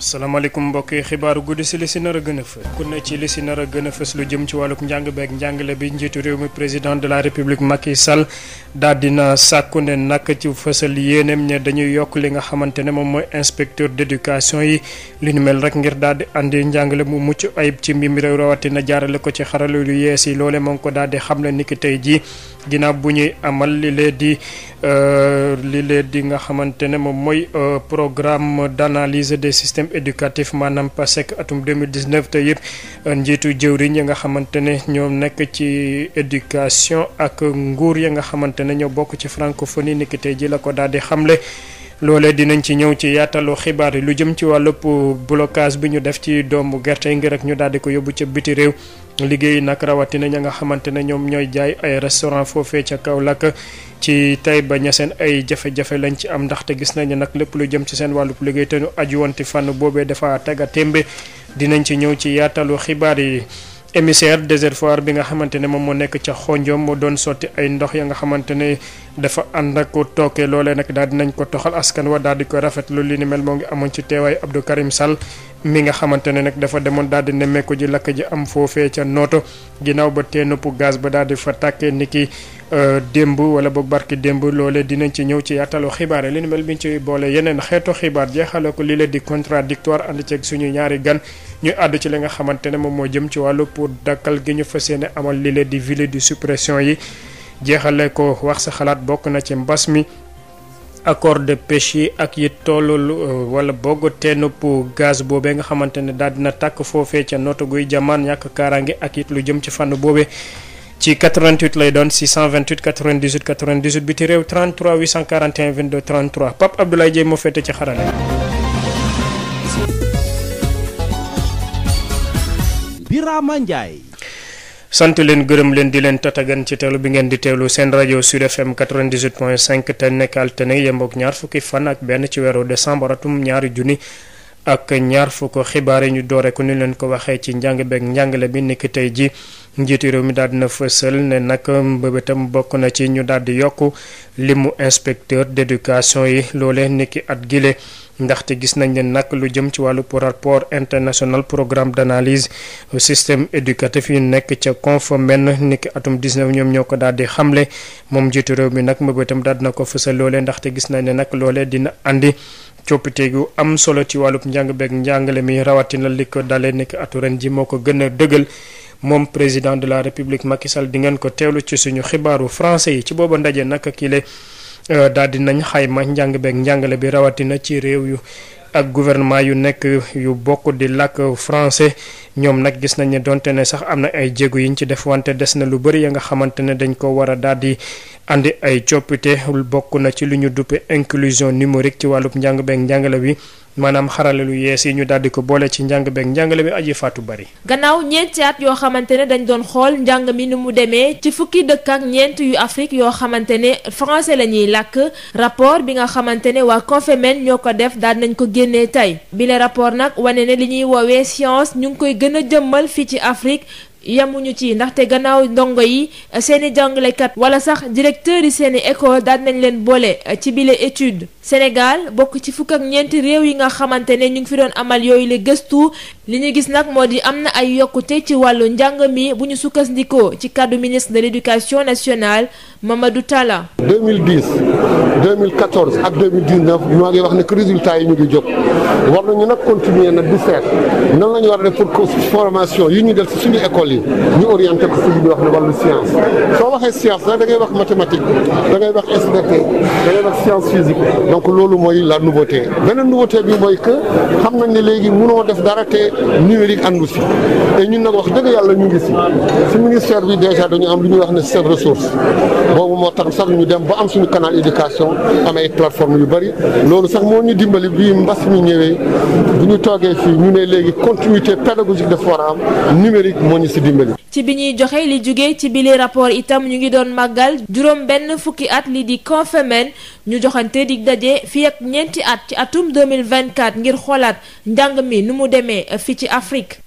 asalaamaaleykum mbokki xibaaru guddi si li si nar a gën a fës ku ci li si nar a gën a fës lu jëm ci wàlluk njàng beeg njàngale bi njiitu réew mi président de la république Macky Sall daal dina sàkku ne nag ci fësal yéeneem ne dañuy yokk li nga xamante ne moom mooy inspecteur d' éducation yi li nu mel rek ngir daal di andi njàngale mu mucc ayib ci mbir rawatina jaarale ko ci xarala yu yees yi loole moo ko daal di xamle niki tey jii. ginnaaw bu ñuy amal li lee di euh, li lee di nga xamante ne moom mooy euh, programme d'analyse de systèmes éducatifs maanaam PASEC atum 2019 te yëpp euh, njiitu jëwriñ ya nga xamante ne ñoo nekk ci éducation ak nguur ya nga xamante ne ñoo bokk ci francophonie niki tey ji la ko daal di xamle loolee dinañ ci ñëw ci yaatalu xibaar yi lu jëm ci wàllub blocage bi ñu def ci doomu gerte yi ngir rek ñu daal di ko yóbbu ca biti réew liggéey nag rawatina ña nga xamante ne ñoom ñooy jaay ay restaurant foofee ca Kaolack ci ba Taïba seen ay jafe-jafe lañ ci am ndaxte gis nañu nag lépp lu jëm ci seen wàllub liggéey te ñu aju woon fànn boobee dafa tega témbe dinañ ci ñëw ci yaatalu xibaar yi. émissaire désertoir bi nga xamante ne moom moo nekk ca xonjom moo doon sotti ay ndox ya nga xamante ne dafa ànd ak tooke loolee nag daal dinañ ko toxal askan wa daal di ko rafetlu li ni mel moo ngi amoon ci teewaay Abdou Karim mi nga xamante ne nag dafa demoon daal di nemmeeku ji lakk ji am foofee ca nooto ginnaaw ba tee nëpp gaz ba daal di fa tàkkee ni ki euh, démb wala boog barki démb loole dinañ ci ñëw ci yaatalu xibaar yi li ni mel biñ ci boolee yeneen xeetu xibaar jeexale ko lii la di contradictoire ànd ceeg suñu ñaari gan ñuy àddu ci li nga xamante ne moom moo jëm ci wàllu pour dakkal gi ñu fa yéene amal lii la di ville di suppression yi jeexale ko wax sa xalaat bokk na ci mbas mi accord de pêche yi ak yi tollul euh, wala boog teenub gaz boobee nga xamante ne daal dina tàkk foofee ca nooto guy jamaan ñàkk kaaraange ak it lu jëm ci fànn boobe ci 88 lay doon 628 98 98 bi ti réew 33 841 22 33 Pape Abdoulaye Dieye moo féete ci xarale sant leen gërëm leen di leen tatagan ci teelu bi ngeen di teelu seen rajo Sud FM 98.5 te nekk altine yemboog ñaar fukki fan ak benn ci weeru décembre atum ñaari junni ak ñaar fukk xibaar yi ñu doore ko ni leen ko waxee ci njàng beeg njàngale bi niki tey ji njiitu réew mi daal dina fësal ne nag mbëbëtam bokk na ci ñu daal di yokk limu inspecteur d'éducation yi loole niki at gile ndaxte gis nañ ne nag lu jëm ci wàllu rapport international programme d'analyse système éducatif yu nekk ca Confomen niki atum 19 ñoom ñoo ko daal di xamle moom njiitu réew mi nag mbëbëtam daal dina ko fësal loole ndaxte gis nañ ne nag loole dina indi coppite gu am solo ci wàllu njàng beeg njàngale mi rawatina li ko dalee nekk atu ren ji moo ko gën a dëggal moom président de la république Macky Sall di ngeen ko teelu ci suñu xibaaru français yi ci booba ndaje naka kile euh, daal di xayma njàng beeg njàngale bi rawatina ci réew yu ak gouvernement yu nekk yu bokk di làkk français ñoom nag gis nañ ne donte ne sax am na ay jéego ñu ci def wante des na lu bëri ya nga xamante ne dañ ko war a daal di andi ay coppite bokk na ci lu ñu duppe inclusion numérique ci wàllub njàng beeg njàngale bi. maanaam xarale lu yees yi ñu daldi ko boole ci njàng beeg njàngale bi aji faatu bari. gannaaw ñeenti at yoo xamante ne dañ doon xool njàng mi ni mu demee ci fukki dëkk ak ñeent yu Afrique yoo xamante ne français la ñuy làkk rapport bi nga xamante ne waa Confemen ñoo ko def daal nañ ko génnee tey bile rapport nag wane na li ñuy woowee science ñu ngi koy gën a jëmmal fii ci Afrique. yamuñu ci ndaxte gannaaw ndongo yi eh, seen i jàngalekat wala sax directeur yi seeni i école daan nañ leen boole eh, ci bile étude Sénégal bokk ci fukk ak ñeenti réew yi nga xamante ne ñu ngi fi doon amal yooyu la gëstu li ñu gis nag moo di am na ay yokkute ci wàllu njàng mi bu ñu sukkandikoo ci kàddu ministre de l'éducation nationale Mamadou Talla. 2010 2014 ak 2019 ñoo ngi wax ne que résultats yi ñu ngi jóg war nañu nag continuer nag di seet nan la ñu war a def pour formation yi ñu def si suñu école yi ñu orienté ko si li wax ne wàllu science soo waxee science nag da ngay wax mathématique da ngay wax SVT da ngay wax science physique donc loolu mooy la nouveauté beneen nouveauté bi mooy que xam nañ ne léegi mënoo def dara te numérique àndu si te ñun nag wax dëgg yàlla ñu ngi si si ministère bi dèjà dañu am lu ñuy wax ne seen ressource moo tax sax ñu dem ba am suñu kanaan éducation am ay plateforme yu bëri loolu sax moo ñu dimbali bii mbas mi ñëwee bu ñu toogee fii ñu ne léegi continuité pédagogique de forum numérique moo ñu si dimbali. ci bi ñuy joxe li jugee ci bile rapport itam ñu ngi doon màggal juróom benn fukki at li di Confamen ñu joxante di daje fii ak ñeenti at ci atum 2024 ngir xoolaat njàng mi nu mu demee fii ci Afrique.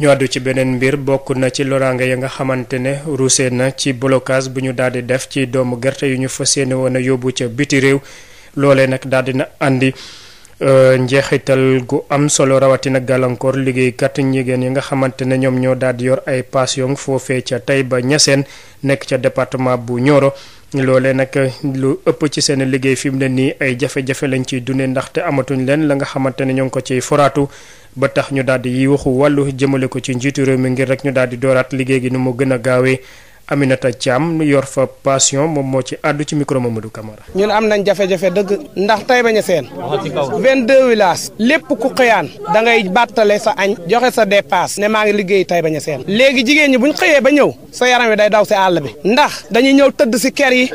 ñu àddu ci beneen mbir bokk na ci loraange ya nga xamante ne ruusee na ci blocage bu ñu daal di def ci doomu gerte yu ñu fa yéene woon a yóbbu ca biti réew loolee nag daal dina andi euh, njeexital gu am solo rawatina gàllankoor liggéeykat njigéen yi nga xamante ne ñoom ñoo daal di yor ay passion foofee ca tey ba ñaseen nekk ca département bu Nioro loolee nag lu ëpp ci seen liggéey fi mu ne nii ay jafe-jafe lañ ciy dundee ndaxte amatuñ leen la nga xamante ne ñoo ngi ko ciy foraatu ba tax ñu daal di waxu wàllu jëmale ko ci njiitu réew mi ngir rek ñu daal di dooraat liggéey gi ni mu gën a gaawee Aminata Thiam yor fa passion moom moo ci àddu ci micro Mamadou Camara. ñun am nañ jafe-jafe dëgg ndax Taïba Niassène. 22 villages. lépp ku xëyaan da ngay bàttale sa añ. joxe sa dépasse ne maa ngi liggéey Taïba seen léegi jigéen ñi bu ñu xëyee ba ñëw sa yaram wi day daw si àll bi. ndax dañuy ñëw tëdd si kër yi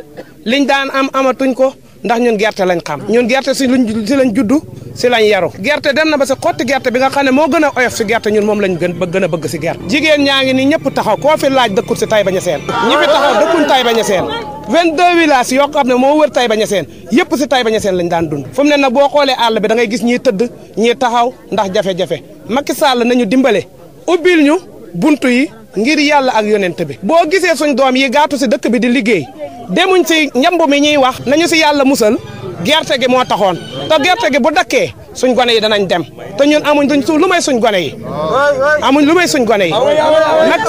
liñ daan am amatuñ ko. ndax ñun gerte lañ xam ñun gerte si lañ si lañ juddu si lañ yaru gerte dem na ba si xotti gerte bi nga xam ne moo gën a oyof si gerte ñun moom lañ gën gën a bëgg si gerte jigéen ñaa ngi ni ñëpp taxaw koo fi laaj dëkkut si Taïba Niassène ñi fi taxaw dëkkuñ Taïba Niassène 22 villages yoo xam ne moo wër Taïba Niassène yëpp si Taïba Niassène lañ daan dund fu mu ne nag boo xoolee àll bi da ngay gis ñiy tëdd ñiy taxaw ndax jafe-jafe Macky Sall nañu dimbale ubil ñu buntu yi ngir yàlla ak yonent bi boo gisee suñ doom yi gaatu si dëkk bi di liggéey demuñ si ñamb mi ñuy wax nañu si yàlla musal gerte gi moo taxoon te gerte gi bu dakkee suñ gone yi danañ dem te ñun amuñ duñ suuf lu may suñ gone amuñ lu may suñ gone yi nag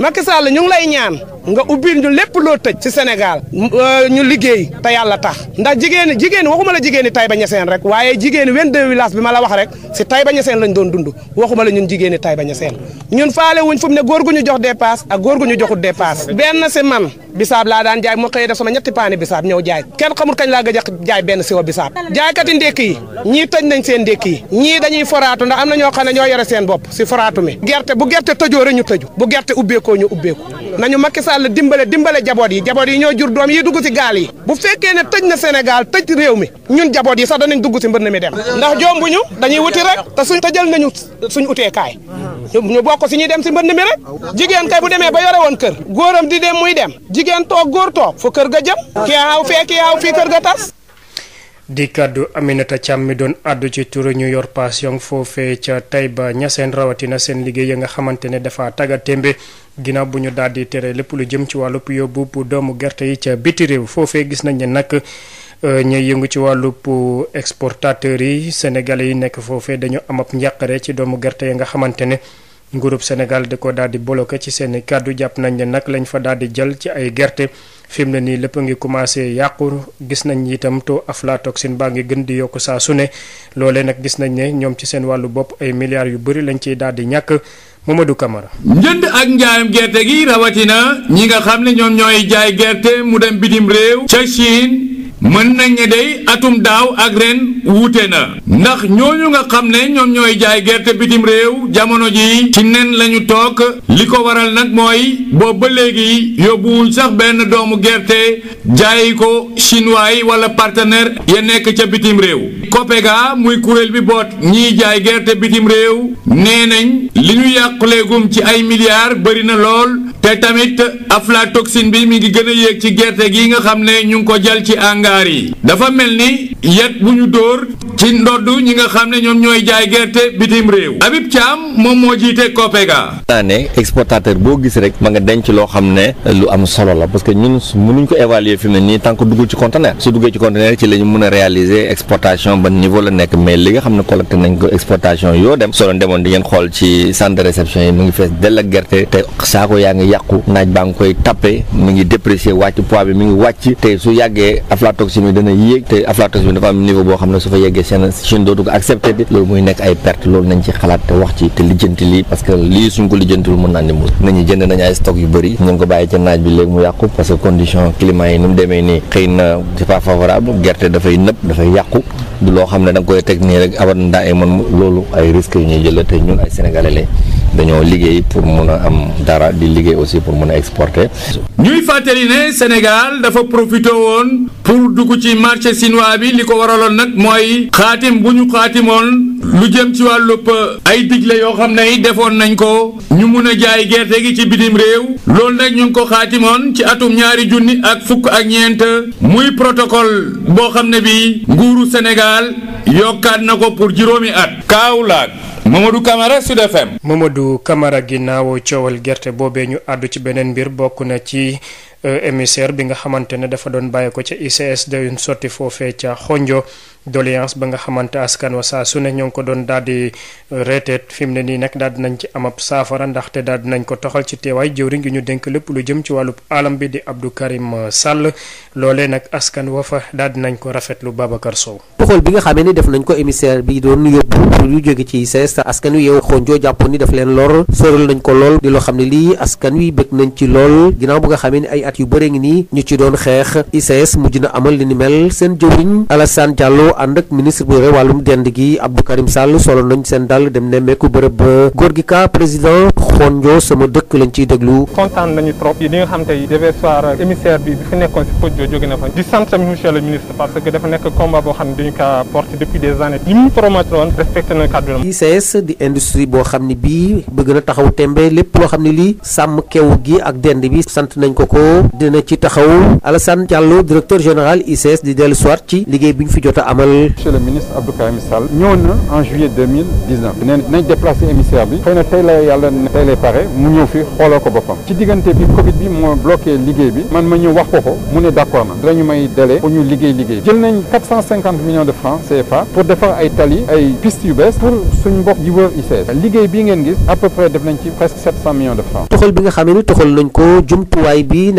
Macky Sall lay ñaan nga ubbil ñu lépp loo tëj ci Sénégal euh, ñu liggéey te yàlla tax ndax jigéen jigéen waxuma la jigéen Taïba Niassène rek waaye jigéen 22 village bi ma la wax rek ci Taïba Niassène lañ doon dund waxuma la ñun jigéen Taïba Niassène ñun faale wuñ fu ne góor gu ñu jox dépasse ak góor joxu ñu joxut dépasse benn ci man bisaab laa daan jaay moo xëyee def sama ñetti paani bisaab ñëw jaay kenn xamul kañ laa gëj a jaay benn siwo bisaab jaaykati ndékk yi ñii tëj nañ seen ndékk yi ñii dañuy foraatu ndax am na ñoo xam ne ñoo yore seen bopp si foraatu mi gerte bu gerte tëjoo rek ñu tëju bu gerte ubbeekoo ñu ubbeeku nañu Macky Sall dimbale dimbale jaboot yi jaboot yi ñoo jur doom yi dugg si gaal yi bu fekkee ne tëj na Sénégal tëj réew mi ñun jaboot yi sax danañ dugg si mbënn mi dem ndax jombuñu dañuy wuti rek te suñ tëjal nañu suñ uteekaay si ñuy dem si mbënn mi rek jigéen bu demee ba yore woon kër góoram di dem muy jigéen toog góor toog fu kër ga jëm kii aaw fee fii kër ga tas di kàddu Aminata Thiam mi doon àddu ci turu ñu yor passion foofee ca Taïba Niassène rawatina seen liggéey ya nga xamante ne dafa tagga témbe ginnaaw bu ñu daal di tere lépp lu jëm ci wàllub yóbbu bu doomu gerte yi ca biti réew foofee gis nañ ne nag euh, ñuy yëngu ci wàllu wàllub exportateur yi sénégalais yi nekk foofee dañu am ab njàqare ci doomu gerte ya nga xamante ne nguurub Sénégal di ko daal di bloqué ci seen kàddu jàpp nañ ne nag lañ fa daal di jël ci ay gerte fi mu ne nii lépp ngi commencé yàqu gis nañ itam taux aflatoxine baa ngi gën di yokk saa su ne loolee nag gis nañ ne ñoom ci seen wàllu bopp ay milliards yu bëri lañ ciy daal di ñàkk Mamadou Camara. njënd ak njaayam gerte gi rawatina ñi nga xam ne ñoom ñooy jaay gerte mu dem bitim réew ca Chine. mën nañ ne day atum daaw ak ren wuute na ndax ñooñu nga xam ne ñoom ñooy jaay gerte bitim réew jamono ji ci nen lañu toog li ko waral nag mooy boobu ba léegi yóbbuwuñ sax benn doomu gerte jaayi ko chinois yi wala partenaire ya nekk ca bitim réew COPEGA muy kuréel bi boot ñiy jaay gerte bitim réew nee nañ li ñu yàquleegum ci ay milliards bëri na lool te tamit afla aflatoxine bi mi ngi gën a yéeg ci gerte gi nga xam ne ñu ngi ko jël ci angaar yi dafa mel ni yet bu ñu dóor ci ndoddu ñi nga xam ne ñoom ñooy jaay gerte bitim réew Habib Thiam moom moo jiite COPEGA. naa ne exportateur boo gis rek ma nga denc loo xam ne lu am solo la parce que ñun mënuñ ko évaluer fi mu ne nii tant duggul ci conteneur su duggee ci conteneur ci la ñu mën a réaliser exportation ban niveau la nekk mais li nga xam ne collecté nañ ko exportation yoo dem soo demoon di ngeen xool ci centre de réception yi mu ngi fees dell ak gerte te saako yaa ngi yàqu naaj baa ngi koy tappe mu ngi déprécier wàcc poids bi mu ngi wàcc te su yàggee aflatoxine bi dana yéeg te aflatoxine bi boo xam ne su fa yeggee Chine Chine dootu ko accepté bi loolu muy nekk ay perte loolu nañ ci xalaat te wax ci te lijjanti lii parce que lii suñ ko lijjantul mën naa ni mu nañu jënd nañu ay stock yu bëri ñu ngi ko bàyyi ci naaj bi léegi mu yàqu parce que condition climat yi ni mu demee nii xëy na c'est pas favorable gerte dafay nëb dafay yàqu du loo xam ne da nga koy teg nii rek abat ndaa man loolu ay risques yu ñuy jël te ñun ay sénégalais lañ dañoo liggéey pour mun a am dara di liggéey aussi pour mun a exporter. ñuy fàttali ne Sénégal dafa profité woon pour dugg ci marché chinois bi li ko waraloon nag mooy xaatim bu ñu xaatimoon lu jëm ci wàllub ay digle yoo xam ne defoon nañ ko ñu mun a jaay gerte gi ci bitim réew loolu nag ñu ngi ko xaatimoon ci atum ñaari junni ak fukk ak ñeent muy protocole boo xam ne bi nguuru Sénégal yokkaat na ko pour juróomi at Kaolack Mamadou Camara Sud FM. Mamadou Camara ginnaaw coowal gerte boobee ñu àddu ci beneen mbir bokk na ci. Euh, émissaire bi nga xamante ne dafa doon bàyyi ko ca ICS de une sortie foofee ca xonjo doléance ba nga xamante askan wa saa su ne ñoo ngi ko doon daal di euh, reeteet fi ne nii nag daal di nañ ci amab saafara ndaxte daal di nañ ko toxal ci teewaay jëwriñ gi ñu dénk lépp lu jëm ci wàllub alam bi di Abdou Karim euh, Sall loolee nag askan wa fa daal nañ ko rafetlu Babacar Sow. toxal bi nga xamee ni def nañ ko émissaire bi doon yóbbu lu jóge ci ICS askan wi yow xonjo jàpp ni daf leen lor sóoral nañ ko lool di loo xam ne lii askan wi bëgg nañ at yu bëre ngi nii ñu ci doon xeex ICS mujj na amal li ni mel seen jëwriñ Alassane Diallo ànd ak ministre bu yore wàllum dend gi Abdou Karim Sall solo nañ seen dal dem nemmeeku bërëb ba góor gi ka président Xonjo sama dëkk lañ ciy déglu. kontaan nañu trop yi li nga xam tey déversoir émissaire bi bi fi nekkoon si Pod Diop jóge na fa di sant tamit monsieur le ministre parce que dafa nekk combat boo xam ne dañu kaa porté depuis des années li mu di industrie boo xam ne bii bëgg na taxaw tembe lépp loo xam ne lii sàmm kew gi ak dend bi sant nañ ko ko dina ci taxaw Alassane Diallo directeur général ICS di dellu soir ci liggéey bi ñu fi jot amal. monsieur le ministre Abdou Karim Sall ñëw na en juillet nañ déplacé émissaire bi. xëy na tey la yàlla tey lay pare mu ñëw fi xooloo ko boppam. ci diggante bi Covid bi moo bloqué liggéey bi. man ma ñëw wax ko ko mu ne d' accord na. dinañu may délai pour ñu liggéey liggéey jël nañ millions de francs CFA pour defar ay tali ay piste yu bees pour suñu mbokk yi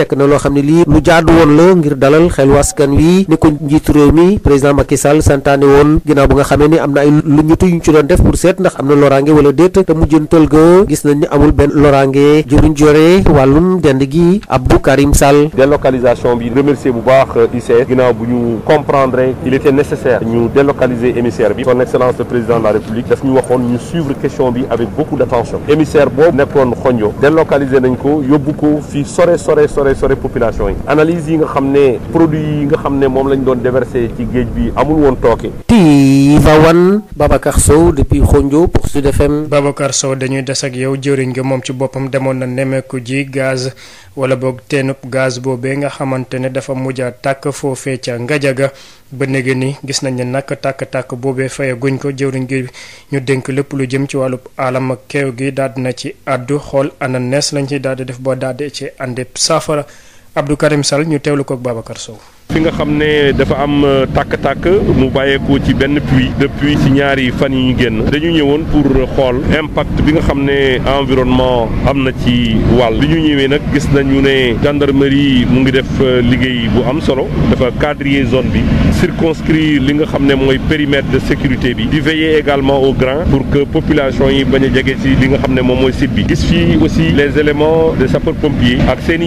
nekk na loo xam ne lii lu jaadu woon la ngir dalal xel waskan wi ni ko njiitu mi président Macky Sall santaane woon ginnaaw bu nga xamee ni am na ay lu ñutu yuñ ci doon def pour seet ndax am na loraange wala déet ni amul benn loraange jëruñ jore wàllum dend gi Abdou Karim Sall délocalisation bi remercier bu baax euh, ICS ginnaaw bu ñu comprendre il était nécessaire ñu délocaliser émissaire bi son excellence le président de la république daf ñu waxoon ñu suivre question bi avec beaucoup d'attention émissaire boobu nekkoon xonjo délocaliser nañ ko sore population yi analyse yi nga xam ne produit yi nga xam ne moom lañ doon déversé ci géej bi amul woon tooke Tivaouane Babacar Sow depuis Xonjo pour Sud FM Babacar Sow dañuy des ak yow jëriñ nga moom ci boppam demoon na nemmeeku ji gaz wala boog teenub gaz boobee nga xamante ne dafa mujj tàkk foofee ca Ngajaga ba néega ni gis nañ ne nag tàkk-tàkk boobee fayaguñ ko jëwriñ gi ñu dénk lépp lu jëm ci wàllu alam ak keew gi daal na ci àddu xool ana nees lañ daal di def ba daal di ci Abdou Karim Sall ñu teewlu ko ak Babacar Sow. fi nga xam ne dafa am euh, tàkk-tàkk mu bàyyeekoo ci benn puits depuis si ñaari fan yi ñu génn dañu ñëwoon pour xool impact bi nga xam ne environnement am na ci wàll bi ñu ñëwee nag gis nañu ne gendarmerie mu ngi def euh, liggéey bu am solo dafa quadriller zone bi circonscrire li nga xam ne mooy périmètre de sécurité bi di veiller également au grain pour que population yi bañ a jege si li nga xam ne moom mooy site gis fii aussi les éléments de sapeurs pompiers ak seen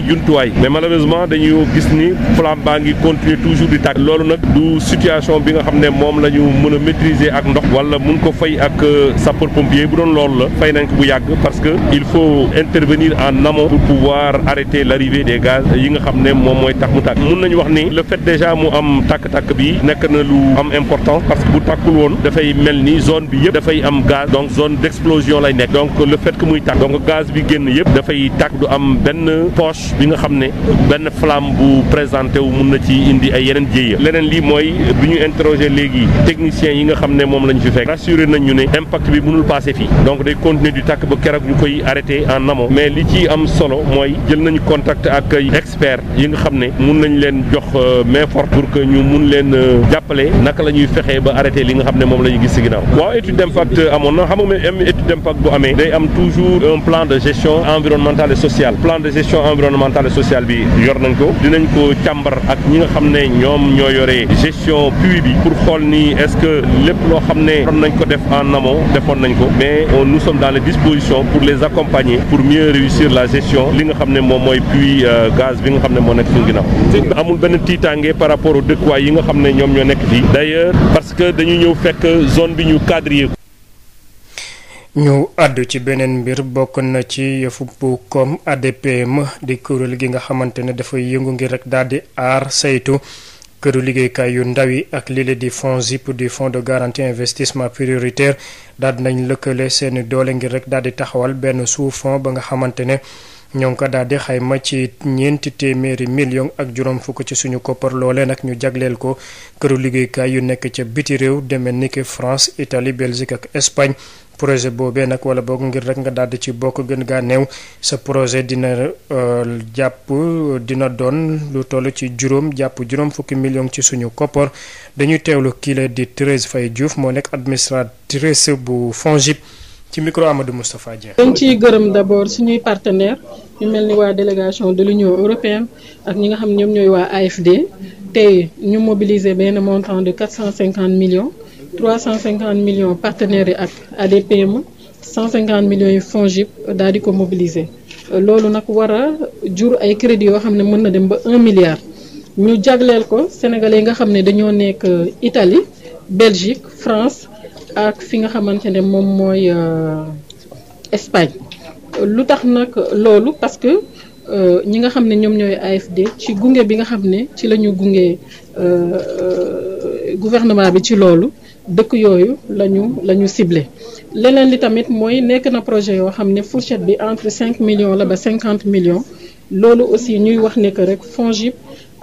i continuer toujours di tàkk loolu nag du situation bi nga xam ne moom la ñu mën a maîtriser ak ndox wala mun ko fay ak euh, sapeur pompier bu doon loolu la fay nañ ko bu yàgg parce que il faut intervenir en amont pour pouvoir arrêter l'arrivée des gaz yi nga xam ne moom mooy tax mu tàkk mun nañu wax ni le fait déjà mu am tàkk-tàkk bi nekk na lu am important parce que bu tàkkul woon dafay mel ni zone bi yëpp dafay am gaz donc zone d'explosion lay nekk donc le fait que muy tàkk donc gaz bi génn dafay tàkk du am benn bi nga xam ne benn flamme bu ciy indi ay yeneen jéeya leneen lii mooy bi ñu interroger léegi techniciens yi nga xam ne moom lañu fi fekk rassuré nañ ñu ne impact bi mënul passé fii donc day continuer di tàkk ba keroog ñu koy arrêté en amont mais li ci am solo mooy jël nañu contact ak experts yi nga xam ne mun nañ leen jox euh, main forte pour que ñu mun leen euh, jàppale naka la ñuy fexee ba arrêté li nga xam ne moom la ñu gis si ginnaaw waaw étude d'impact amoon na xam nga étude d'impact bu amee day de gestion environnementale et bi yor nañ ko xam ne ñoom ñoo yore gestion puits bi pour xool ni est-ce que lépp loo xam ne doon nañ ko def en amont defoon nañ ko mais euh, nous sommes dans les dispositions pour les accompagner pour mieux réussir la gestion li nga xam ne moom mooy puits euh, gaz bi nga xam ne moo nekk suñu ginnaaw amul benn tiitaange par rapport au dëkkuwaay yi nga xam ne ñoom ñoo nekk fii d'ailleurs parce que dañu ñëw fekk zone bi ñu cadré ko ñu àddu ci beneen mbir bokk na ci yëfu bu koom ADPM di kuréel gi nga xamante ne dafay yëngu ngir rek daal di aar saytu këru liggéeykaay yu ndaw yi ak lile di fonds ZIP du fonds de garantie investissement prioritaire daal di nañ lëkkale seeni doole ngir rek daal di taxawal benn sous-fonds ba nga xamante ne ñoo ngi ko daal di xayma ci ñeenti téeméeri million ak juróom fukk ci suñu koppar loole nag ñu jagleel ko këru liggéeykaay yu nekk ca biti réew demee ni ki France Italie Belgique Espagne projet boobee nag wala boog ngir rek nga daal di ci bokk gën gaa sa projet dina euh, jàpp dina doon lu toll ci juróom jàpp juróom fukki million ci suñu koppar dañuy teewlu kii la di Thérèse Faye Diouf moo nekk administratrice bu FONGIP ci micro Amadou Moustapha Dieng. dañ ci gërëm d'abord suñuy partenaires ñu mel ni waa délégation de l'Union européenne ak ñi nga xam ñoom ñooy waa AFD tey ñu mobiliser benn montant de quatre cent cinquante millions. 350 millions partenaires yi ak ADPM 150 millions yu FONGIP daal di ko mobiliser euh, loolu nag war a jur ay crédits yoo xam ne mën na dem ba un milliard ñu jagleel ko sénégalais yi nga xam ne dañoo nekk euh, itali Belgique France ak fi nga xamante ne moom mooy euh, Espagne lu tax nag loolu parce que ñi nga xam ne ñoom ñooy AFD ci gunge bi nga xam ne ci la ñu gunge gouvernement bi ci loolu dëkk yooyu la ñu la ñu ciblé leneen li tamit mooy nekk na projet yoo xam ne fourchette bi entre cinq millions la ba cinquante millions loolu aussi ñuy wax ne que rek FONGIP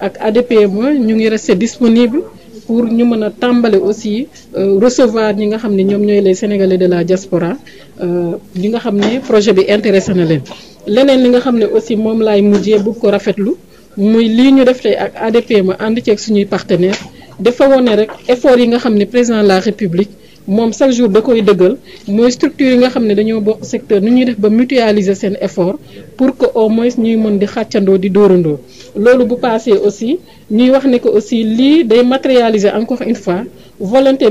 ak ADPME ñu ngi resté disponible pour ñu mën a tàmbale aussi euh, recevoir ñi nga xam ne ñoom ñooy les sénégalais de la diaspora euh, ñi nga xam ne projet bi intéressé na leen leneen li nga xam ne aussi moom laay mujjee bëgg ko rafetlu muy lii ñu def tey ak ADPME ànd ceeg suñuy partenaires dafa wone rek effort yi nga xam ne président la république moom chaque jour da koy dëggal mooy structure yi nga xam ne dañoo bokk secteur nu ñuy def ba mutualiser seen effort pour que au moins ñuy mën di xàccandoo di dóorandoo loolu bu passé aussi ñuy wax ne ko aussi lii day matérialiser encore une fois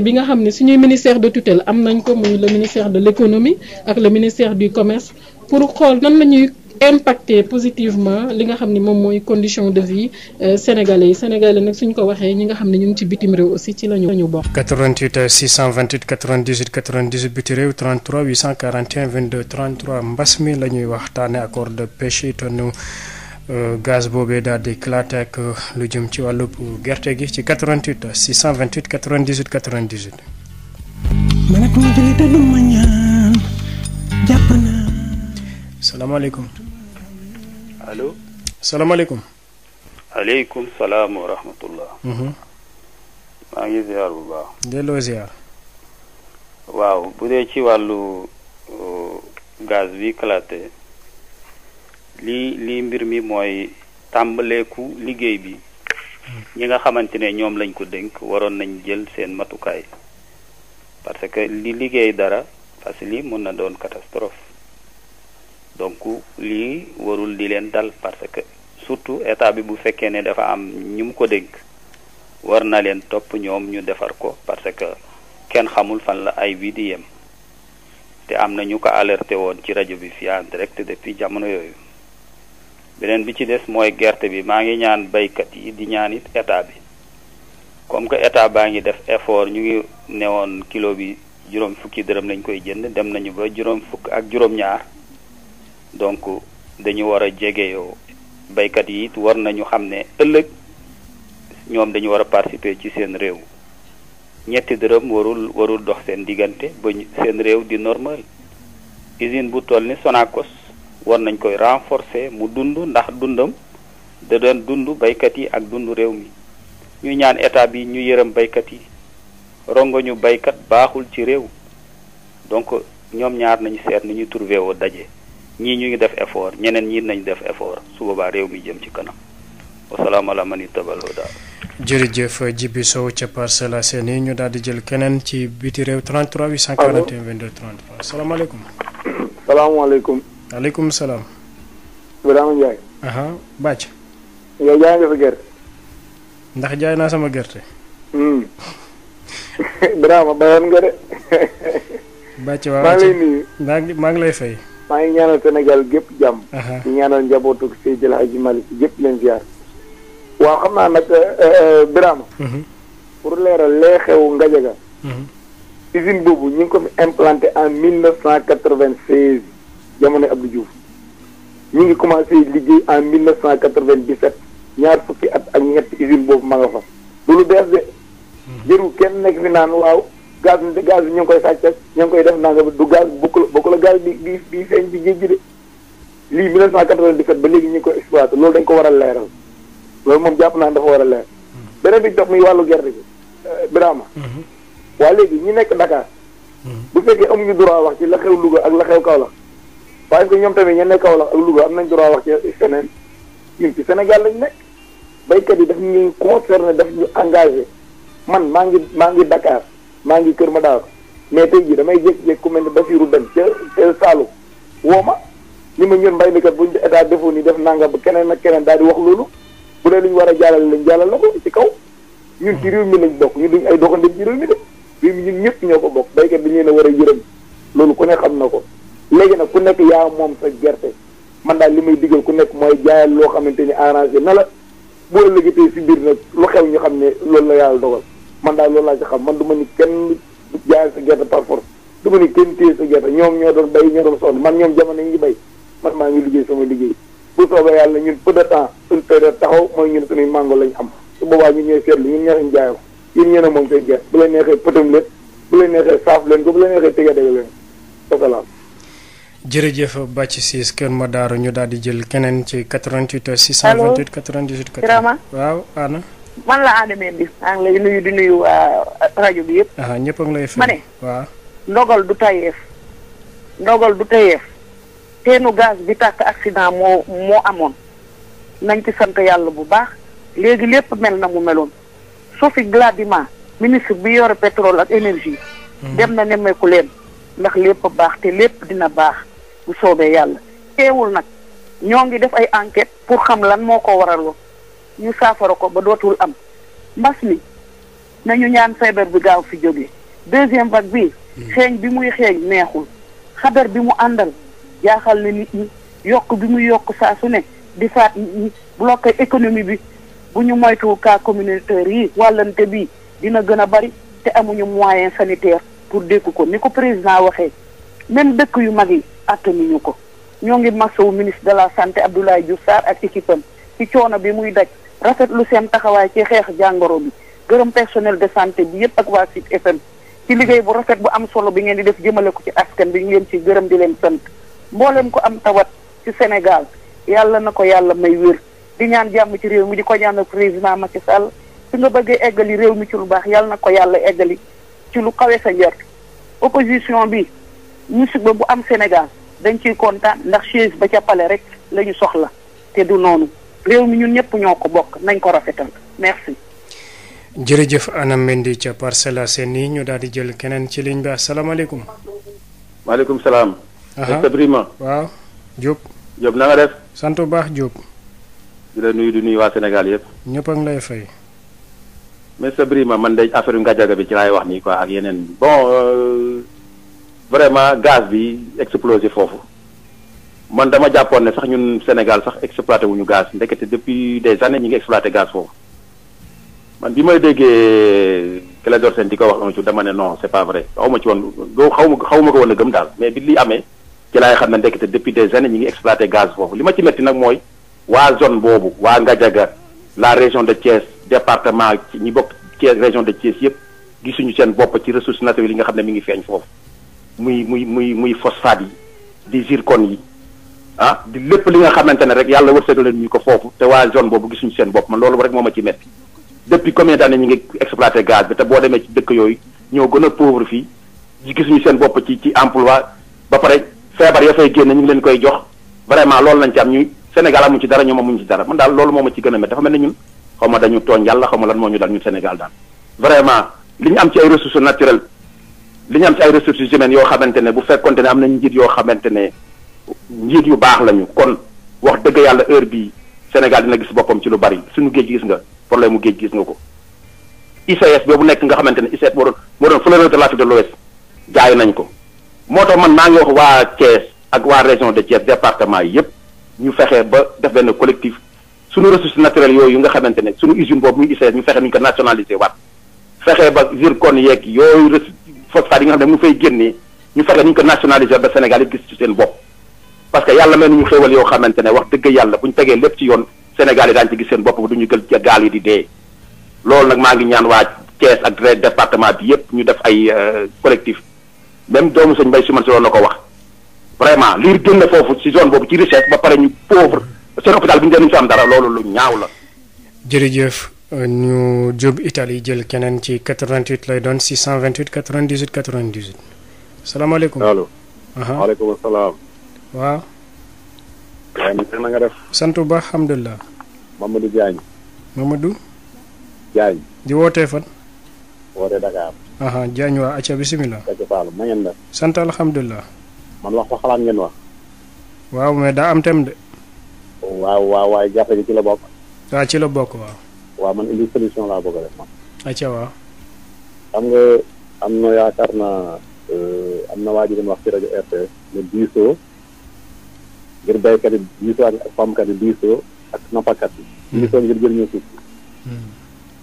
bi nga xam ne suñuy ministère de tutelle am nañ ko muy le ministère de l'économie ak le ministère du commerce pour xool nan la ñuy impacter positivement li nga xam ni moom mooy condition de vie euh, sénégalais yi sénégalais nag suñ ko waxee ñi nga xam ne ñu ngi ci bitim réew aussi ci lañu lañu bokk. 88 628 98 98 biti réew 33 841 22 33 mbas mi la ñuy waxtaanee accord de pêche yi tonnu euh, gaz boobee daal di éclaté ak euh, lu jëm ci wàllu gerte gi ci 88 628 98 98. salaamaaleykum. allo. salaamaaleykum. aleykum salaam wa rahmatullah. Mhm. maa ngi ziar bu baax. delloo ziar. waaw bu dee ci wàllu gaz bi kalaate lii lii mbir mi mooy tàmbaleeku liggéey bi ñi nga xamante ne ñoom lañ ko dénk waroon nañ jël seen matukaay parce que li liggéey dara parce que lii mën na doon catastrophe. donc lii warul di leen dal parce que surtout état bi bu fekkee ne dafa am ñu mu ko dénk war na leen topp ñoom ñu defar ko parce que kenn xamul fan la ay bi di yem te am na ñu ko alerté woon ci rajo bi fii en direct depuis jamono yooyu beneen bi ci des mooy gerte bi maa ngi ñaan baykat yi di ñaan it état bi comme que état baa ngi def effort ñu ngi newoon kilo bi juróom fukki dërëm lañ koy jënd dem nañu ba juróom fukk ak juróom-ñaar donc dañu war a jegeyoo baykat yi war nañu xam ne ëllëg ñoom dañu war a participer ci seen réew ñetti dërëm warul warul dox seen diggante ba seen réew di normal usine bu toll ni Sonacos war nañ koy renforcer mu dund ndax dundam da doon dund baykat yi ak dund réew mi ñuy ñaan état bi ñu yërëm baykat yi rongo ñu baykat baaxul ci réew donc ñoom ñaar nañu seet ni ñuy trouvé woo daje ñii ñu ngi def effort ñeneen ñi nañ def effort su boobaa réew mi jëm ci kanam wasalaam ala man ittabal huda jërëjëf Djibi Sow ca Parcelles Assainies ñu daal di jël keneen ci biti réew 33 841 22 33 salaamaaleykum. salaamaaleykum. waaleykum salaam. Birama Ndiaye. bàcc. yow jaay nga sa gerte. ndax jaay naa sama gerte. Hmm. Birama bayoon nga de. bàcc waaw maa maa ngi lay fay. maa ngi ñaanal Sénégal gépp jàmm. di ñaanal njabootu Seydi El Hadji Malick gépp leen ziar. waaw xam naa nag euh, euh, euh, Birama. Mhm. pour leeral lee xew Ngajaga. Mhm. usine boobu ñu ngi ko fi en mille neuf cent quatre-vingt-seize jamono Abdou Diouf ñu ngi commencé liggéey en mille neuf cent quatre-vingt-dix-sept ñaar fukki at ak ñetti usine boobu ma nga fa. du lu bees de. Mhm. jëru kenn nekk fi naan waaw. gaz bi gaz bi ñu ngi koy sàcc ñoo ngi koy def nanga du gaz bokkul bokkul ak gaz bi bi bi feeñ bi géej gi de lii 1997 ba léegi ñu ngi koy exploité loolu dañ ko war a leeral loolu moom jàpp naa dafa war a leer mm-hmm. beneen bi topp muy wàllu gerte gi euh, Birama mm-hmm. waa léegi ñu nekk Dakar mm-hmm. bu fekkee amuñu droit wax ci la xew Louga ak la xew Kaolack waaye que ñoom tamit ñeen ne Kaolack ak Louga am nañ droit wax ci feneen ñun ci Sénégal lañ nekk baykat yi daf ñuy concerné ñu engagé man maa ngi maa ngi Dakar maa ngi Kër ma Madar mais tey jii damay jékki-jékki ku mel ne Basiirou Ben ca ca Saalum woo ma ni ma ñun mbay mi kat buñ état defoon ni def nangam ba keneen ak keneen daal di wax loolu bu dee lu ñu war a jàllale lañ jàllal na ko ci kaw ñun ci réew mi lañ bokk ñun duñ ay doxandéem ci réew mi de réew mi ñëpp ñoo ko bokk béykat bi ñu ne war a yërëm loolu ku ne xam na ko léegi nag ku nekk yaa moom sa gerte man daal li may digal ku nekk mooy jaayal loo xamante ni arrangé na la boo liggéey si biir nag lu ñu xam ne loolu la yàlla dogal man daal loolu laa ci xam man du ma ni kenn jaay sa gerte par force du ni kenn téye sa gerte ñoom ñoo doon béy ñoo doon sonn man ñoom jamono yi ñu béy man maa ngi liggéey sama liggéey bu soobee yàlla ñun peu de temps taxaw mooy ñun suñuy mango lañ am su boobaa ñun ñooy seetlu ñun ñoo leen jaayoo yéen ñoo ne moom seen gerte bu la neexee pëtam leen bu la neexee saaf leen ko bu la neexee tege dege leen wasalaam. jërëjëf Bathie Ciss Kër Madaro ñu daal di jël keneen ci 88 628. allo 98 man la aadamee bi maa la lay nuyu di nuyu waa rajo bi yëpp. ñëpp a ma ne. ndogal du tayeef. ndogal du tayeef. teenu gaz bi tàkk accident moo moo amoon. nañ ci sant yàlla bu baax. léegi lépp mel na mu meloon. Sophie Gladima ministre bi yore pétrole ak énergie. Hmm. dem na nemmeeku leen. ndax lépp baax te lépp dina baax. bu soobee yàlla. teewul nag ñoo ngi def ay enquête pour xam lan moo ko waraloon. ñu saafara ko ba dootul am mbas mi nañu ñaan feebar bi gaaw fi jóge deuxième vague bi hmm. xeeñ bi muy xeeñ neexul xabar bi mu àndal jaaxal na nit ñi yokk bi muy yokk saa su ne di faat nit ñi économie bi bu ñu moytu cas communautaire yi wàllante bi dina gën a bari te amuñu moyen sanitaire pour dékku ko ni ko président waxee même dëkk yu mag yi attanuñu ko ñoo ngi masawu ministre de la santé Abdoulaye Diouf Sarr ak équipe am ci coono bi muy daj rafet lu seen taxawaay ci xeex jàngoro bi gërëm personnel de santé bi yëpp ak waa Sud FM ci liggéey bu rafet bu am solo bi ngeen di def jëmale ko ci askan bi ñu leen ci gërëm di leen sant mboolem ko am tawat ci Sénégal yàlla na ko yàlla may wér di ñaan jàmm ci réew mi di ko ñaanal président Macky Sall fi nga bëggee eggali réew mi ci lu baax yàlla na ko yàlla eggali ci lu kawe sa njort opposition bi musiba bu am Sénégal dañ ciy kontaan ndax chaise ba ca rek la soxla te du noonu léew mi ñun ñëpp ñoo ko bokk nañ ko rafetal merci. jërëjëf Anam Mendy ca Parcelles nii ñu daal di jël keneen ci ligne bi asalaamaaleykum. maaleykum salaam. Ibrahima waaw Diop. Diop na def. sant bu baax Diop. di la nuyu di nuyu waa Sénégal yëpp. ñëpp a ngi lay fay. monsieur Birima man de affaire Gadiaga bi ci laay wax nii quoi ak yeneen bon euh, vraiment gaz bi explosé foofu. man dama jàppoon ne sax ñun Sénégal sax exploité wuñu gaz ndekete depuis des années ñi ngi exploité gaz foofu man bi may déggee Clédor Sène di ko wax un dama ne non c'est pas vrai xaw ma ci woon doo xaw ma xaw ma ko woon gëm daal mais bi li amee ci laay xam ne ndekete depuis des années ñi ngi exploité gaz foofu li ma ci metti nag mooy waa zone boobu waa Ngadiaga la région de Thiès département ñi bokk Thiès région de Thiès yëpp gisuñu seen bopp ci ressources naturelles yi nga xam ne mi ngi feeñ foofu muy muy muy muy phosphate yi di zircon yi ah di lépp li nga xamante ne rek yàlla wërsëgal ñu ko foofu te waa zone boobu gisuñu seen bopp man loolu rek moo ma ci metti depuis combien d'années ñu ngi exploité gaz bi te boo demee ci dëkk yooyu ñoo gën a pauvre fii gisuñu seen bopp ci ci emploi ba pare feebar ya fay génn ñu ngi leen koy jox vraiment loolu lañ ci am ñuy Sénégal amuñ ci dara ñoom amuñ ci dara man daal loolu moom ma ci gën a metti dafa mel ne ñun xaw moo ñu dal ñun Sénégal daal vraiment li ñu am ci ay ressources naturelles li ñu yoo xamante ne bu fekkonte ne am nañ yoo xamante ne njiit yu baax lañu kon wax dëgg yàlla heure bii Sénégal dina gis boppam ci lu bari suñu géej gis nga problème mu géej gis nga ko ICS boobu nekk nga xamante ne ICS moo doon moo doon fleuron de l'Afrique de l'Ouest jaay nañ ko moo tax man maa ngi wax waa Thiès ak waa région de Thiès département yi yépp ñu fexe ba def benn collectif suñu ressources naturelles yooyu nga xamante ne suñu usine boobu muy ICS ñu fexe nuñ ko nationalisé waat fexe ba zircon yeeg yooyu phosphate yi nga xam ne mu fay génnee ñu fexe nuñ ko nationalisé ba Sénégal yi gis ci seen bopp parce que yàlla mel ni ñu xéewal yoo xamante ne wax dëgg yàlla bu ñu tegee lépp ci yoon Sénégal yi daañu ci gis seen bopp du ñu gël gaal yi di dee loolu nag maa ngi ñaan waa Thiès ak département bi yépp ñu def ay euh, collectif même doomu sëñ Mbaye Soumane si loolu na ko wax vraiment liir gën na foofu ci zone boobu ci richesse ba pare ñu pauvre seen hôpital bi ñu dee si am dara loolu lu ñaaw la. jërëjëf euh, ñu jub Italie jël keneen ci 88 lay doon 628 98 98. salaamaaleykum allo. waaleykum salaam. waaw. waaye nag na nga def. sant bu baax alhamdulilah. Mamadou Diagne. Mamadou. Diagne. di wootee fan. wootee Dakar. aha Diagne waa acca bisimilah. Dacca Fall ma ngeen def. sant alhamdulilah. man wax ko xalaat ngeen wax. waaw mais daa am thème de. waaw waaw waaye gerte gi ah, ci la bokk. waaw ci la bokk waaw. man indi solution laa bëgg def man. acca waaw. xam nga am na yaakaar naa euh, am na waa wax ci rajo RTS ne diisoo. ngir béykat yi diisoo ak sàmmkat yi diisoo ak nappkat yi. Hmm. diisoo hmm.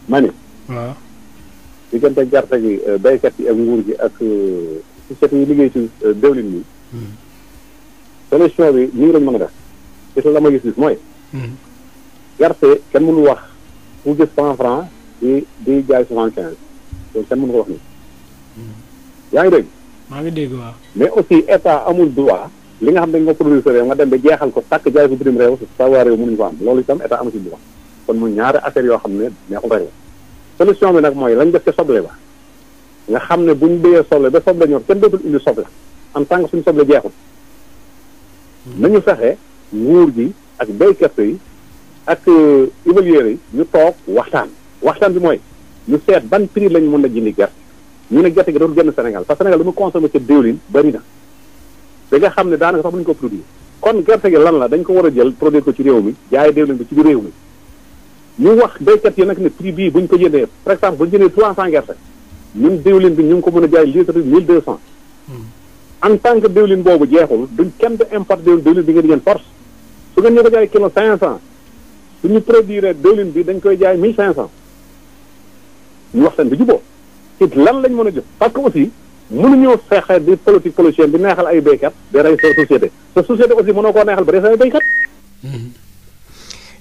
ma ne. waaw diggante gerte euh, yi ak nguur gi ak euh, société yi liggéey ci euh, déwlin yi. Hmm. solution bi nii lañ mën a def ci la ma gis gis mooy. gerte kenn mënu wax ku gis cent franc di di jaay soixante quinze loolu kenn mënu ko wax nii. yaa ngi dégg. maa ngi dégg waaw. mais aussi état amul droit. li nga xam ne ko produire nga dem ba jeexal ko tàkk jaay ko bitim réew sa waa réew mënuñu ko am loolu itam état amu ci droit kon mu ñaari affaire yoo xam ne neexul rek solution nag mooy lañ def ca soble ba nga xam ne buñ béyee soble ba soble ñor kenn dootul indi soble en tant que suñu soble jeexul nañu fexe nguur gi ak béykat yi ak euh, évaluer yi ñu toog waxtaan waxtaan bi mooy ñu seet ban prix lañ mën a jindi gerte ñu ne gerte gi dootul genn Sénégal parce que Sénégal lu mu consommé ca na bi nga xam ne daanaka sax mënuñu ko produire kon gerte gi lan la dañ ko war a jël produire ko ci réew mi jaay déwlin bi ci réew mi ñu wax béykat yi nag ne prix bii bu ñu ko jëndee par exemple bu ñu jëndee gerte ñun déwlin bi ñu ngi ko mën a jaay litre bi 1200 hmm. en tant que déwlin boobu jeexul duñ kenn de importe déwlin déwlin bi ngeen di jënd force su ngeen ñu ko jaay kilo 500 suñu produire déwlin bi dañ koy jaay 1500 ñu waxtaan bi juboo it lan lañ mën a jëf parce que aussi mënuñoo fexe di politique politicienne di neexal ay béykat di rey sa société sa société aussi mënoo koo neexal ba rey ay béykat.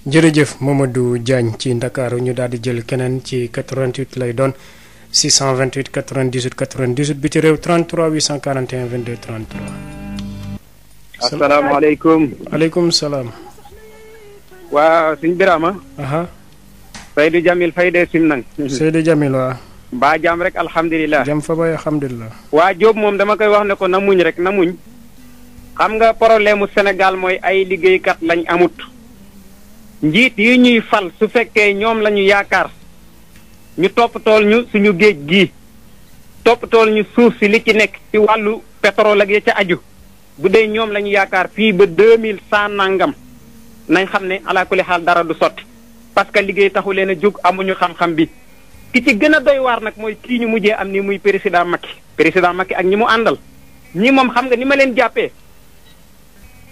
jërëjëf Mamadou Diagne ci Ndakaaru ñu daal di jël keneen ci 88 lay doon 628 98 98 bi ci réew 33 841 22 33. asalaamaaleykum. aleykum salaam. waa suñu Birama. Seydou Jamil Faye de Simnang. Seydou Jamil waa. mbaa jàmm rek alhamdulilah. jàmm fa bay alhamdulilah. waa Diop moom dama koy wax ne ko na muñ rek na xam nga problème mu Sénégal mooy ay liggéeykat lañ amut. njiit yi ñuy fal su fekkee ñoom lañu yaakaar. ñu toppatool ñu suñu géej gi topp tool ñu suuf si li ci nekk ci wàllu pétrole ak ya ca aju. bu dee ñoom lañu yaakaar fii ba deux mille cent nangam. nañ xam ne alaa xaal dara du sotti. parce que liggéey taxu leen a jóg amuñu xam-xam bi. ki ci gën a doy waar nag mooy kii ñu mujjee am ni muy président Macky président Macky ak ñi mu àndal ñi moom xam nga ni ma leen jàppee